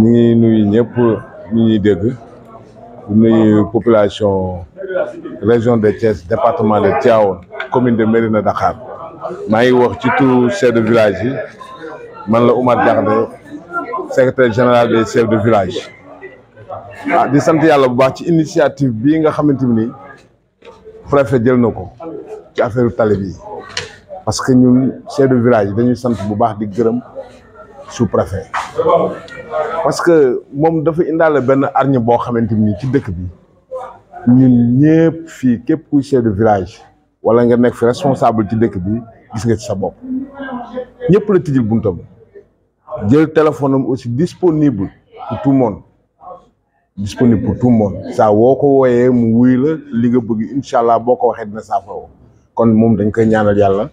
ñu ngi nuyu ñëpp ñu ñuy dégg di nuyu population région de Thiès département de Tivaouane commune de Mérina Dakhar maa ngi wax ci tout chef de village yi man la Oumar Diakhaté secrétaire général des chefs de village ah di sant yàlla bu baax ci initiative bii nga xamante ni préfet jël na ko ci affaire tali bi parce que ñu chef de village dañuy sant bu baax di gërëm su préfet parce que moom dafa indaale benn arñe boo xamante ni ci dëkk bi ñu ñëpp fii képp kuy chef de village wala nga nekk fi responsable ci dëkk bi gis nga ci sa bopp ñëpp la tijjil buntam jël téléphone am aussi disponible pour tout le monde disponible saa woo ko wooyee mu wuy la li nga bëgg incha allah boo ko waxee dina saafara kon moom dañ koy ñaanal yàlla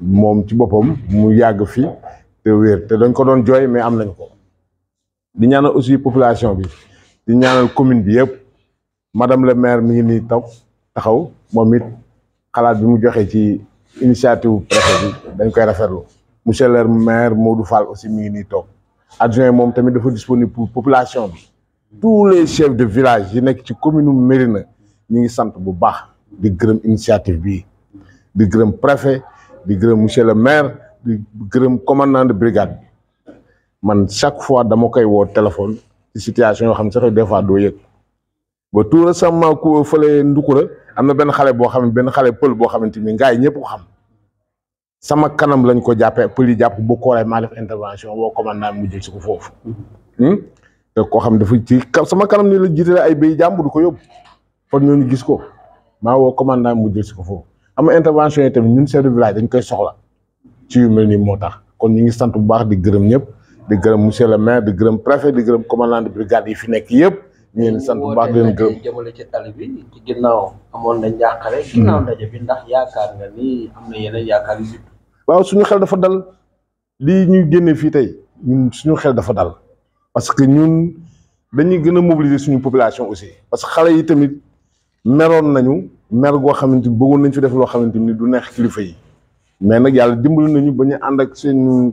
moom ci boppam mu yàgg fi te wér te dañ ko doon jooy mais am nañ ko. di ñaanal aussi population bi di ñaanal commune bi yépp madame le maire mi ngi nii taw taxaw moom it xalaat bi mu joxe ci initiative préfet bi dañ koy rafetlu monsieur le maire Modou Fall aussi mi ngi nii toog adjoint moom tamit dafa disponible pour population bi tous les chefs de village yi nekk ci commune Mérina ñu ngi sant bu baax di gërëm initiative bi di gërëm préfet di gërëm monsieur le maire di gërëm commandant de brigade bi man chaque fois dama koy woo téléphone ci situation yoo xam ne sax des fois doo yëg ba tout récemment ku fële ndukura am na benn xale boo xam ne benn xale pël boo xamante ni gars ñëpp ko xam sama kanam lañ ko jàppee pël yi jàpp bu kooray maa def intervention woo commandant mu jël si ko foofu hmm? te koo xam dafa ci sama kanam ni la jiitale ay béy jàmbur du ko yóbbu kon ñooñu gis ko maa woo commandant mu jël si ko foofu am intervention yi tamit ñun chef de village dañ koy soxla ci yu mel nii moo tax kon ñu ngi sant bu baax di gërëm ñëpp di gërëm monsieur le maire di gërëm préfet di gërëm commandant de brigade yi fi nek yépp ñu ngi leen sant bu baax di leen gërëm jëmale ci tali bi ci ginnaw amon na njàqare. ginnaw ndaje hmm. bi ndax yaakaar nga ni amna na yeneen yaakaar yu waaw suñu xel dafa dal li ñuy génnee fi tay ñun suñu xel dafa dal parce que ñun dañuy gëna mobiliser suñu population aussi parce que xalé yi tamit meron nañu mer go xamanteni bëggoon nañ fi def lo xamanteni du neex kilifa yi mais nak yalla dimbali nañu bañu and ak seen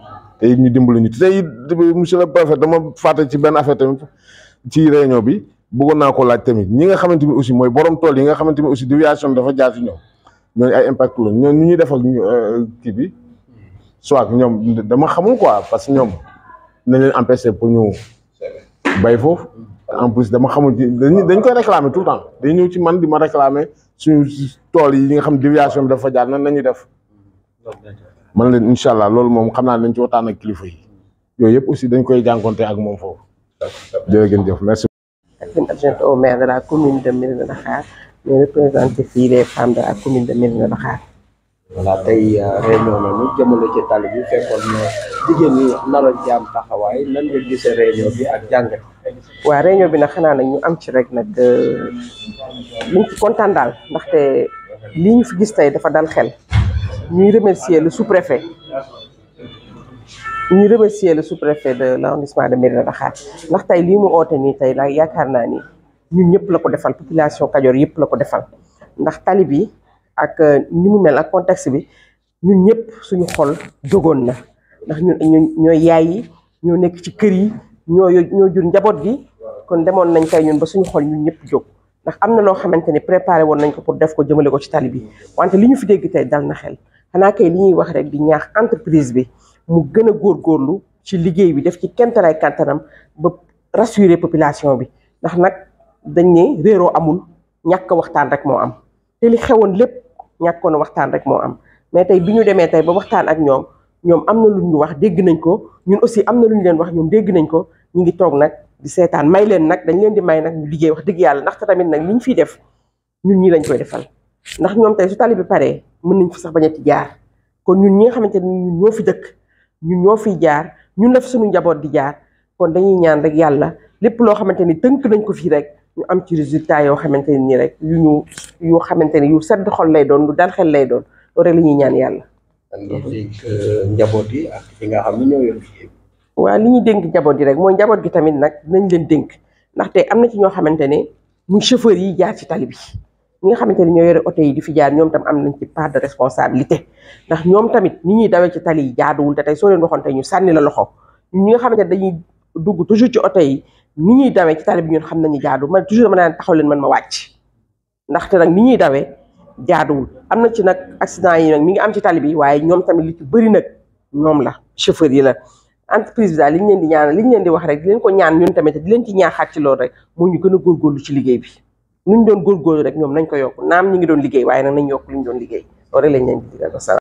te it ñu dimbali ñu te it monsieur le préfet dama fàtte ci benn affaire tamit ci réunion bi bëggoon naa ko laaj tamit ñi nga xamante ni aussi mooy borom tool yi nga xamante ni aussi déviation bi dafa jaar ay impact la ñoom ñu ñuy def ak euh, kii bi soit ñoom dama xamul quoi parce que ñoom nañ leen empêché pour ñu bay foofu en plus dama xamul ci dañ koy réclamer tout le temps dañ ñëw ci man di ma réclamer suñu tool yi nga xam déviation bi dafa jaar nan nañuy def. man leen incha allah loolu moom xam naa dañ ci waxtaan ak kilifa yi yooyu yëpp aussi dañ koy jànkonte ak moom foofu. jërëjëf merci. Acting adjointe au maire de la commune de Mérina Dakhar ñu représenté fii les femmes la commune de Mérina Dakhar. voilà euh, ci tali bi fekkoon na jigéen jaam taxawaay nan nga gisee réunion bi ak jàngat. waaw réunion bi nag xanaa nag ñu am ci rek nag euh, liñ ci kontaan daal ndaxte li ñu fi gis tey dafa dal xel. ñuy remercier le sous-préfet ñuy remercier le sous-préfet de l'arrondissement de Médina Dakhar ndax tey lii mu oote nii tey la yaakaar naa ni ñun ñëpp la ko defal population Kajoor yëpp la ko defal ndax tali bi ak euh, ni mu mel ak contexte bi ñun ñëpp suñu xol jógoon na ndax ñun ñooy yaay yi ñoo nekk ci kër yi ñoo ñoo jur njaboot gi kon demoon nañ tey ñun ba suñu xol ñun ñëpp jóg ndax am na loo xamante ni préparé woon nañ ko pour def ko jëmale ko ci tali bi wante li ñu fi dégg tey dal na xel xanaa kay li ñuy wax rek di ñaax entreprise bi mu gën a góor góorlu ci liggéey bi def ci kemtalaay kàttanam ba rassurer population bi ndax nag dañ ne réeroo amul ñàkk waxtaan rek moo am te li xewoon lépp ñàkkoon waxtaan rek moo am mais tey bi ñu demee tey ba waxtaan ak ñoom ñoom am na lu ñu wax dégg nañ ko ñun aussi am na lu ñu leen wax ñoom dégg nañ ko ñu ngi toog nag di seetaan may leen nag dañ leen di may nag ñu liggéey wax dëgg yàlla ndaxte tamit nag li ñu fiy def ñun ñi lañ koy defal ndax ñoom tey su tali bi pare mën nañ fi sax bañ a ci jaar kon ñun ñi nga xamante ne ñun ñoo fi dëkk ñun ñoo fiy jaar ñun la fi suñu njaboot di jaar kon dañuy ñaan rek yàlla lépp loo xamante ni tënk nañ ko fii rek ñu am ci résultat yoo xamante ne nii rek yu ñu yoo xamante ni yu sedd xol lay doon lu dal lay doon loolu rek ñuy ñaan yàlla. Euh, njaboot waaw li ñuy dénk njaboot yi rek mooy njaboot gi tamit nag dinañ leen dénk ndaxte am na ci ñoo xamante ne muy chauffeur yi jaar ci tali bi ñi xamanteni ñoy yore auto yi di fi jaar ñom tam am nañ ci part de responsabilité ndax ñom tamit ni ñi dawe ci tali yi jaaduwul te tey soo leen waxon tay ñu sànni la loxo ñi nga xamanteni dañuy dugg toujours ci auto yi ni ñi dawe ci tali bi ñun xam nañu jaadu man toujours dama naan taxaw leen man ma wàcc ndax té nak ni ñi dawe jaaduwul am na ci nak accident yi nak mi ngi am ci tali bi waye ñom tamit li ci bari nak ñom la chauffeur yi la entreprise da daal li ñu leen di ñaanal li ñu leen di wax rek di leen ko ñaan ñun tamit di leen ci ñaaxaat ci lool rek mo ñu gën gor góorgóorlu ci liggéey bi nu ñu doon góorgóorlu rek ñoom nañ ko yokk naam ñi ngi doon liggéey waaye nag nañ yokk lu doon liggéey loolu rek lañ leen di digal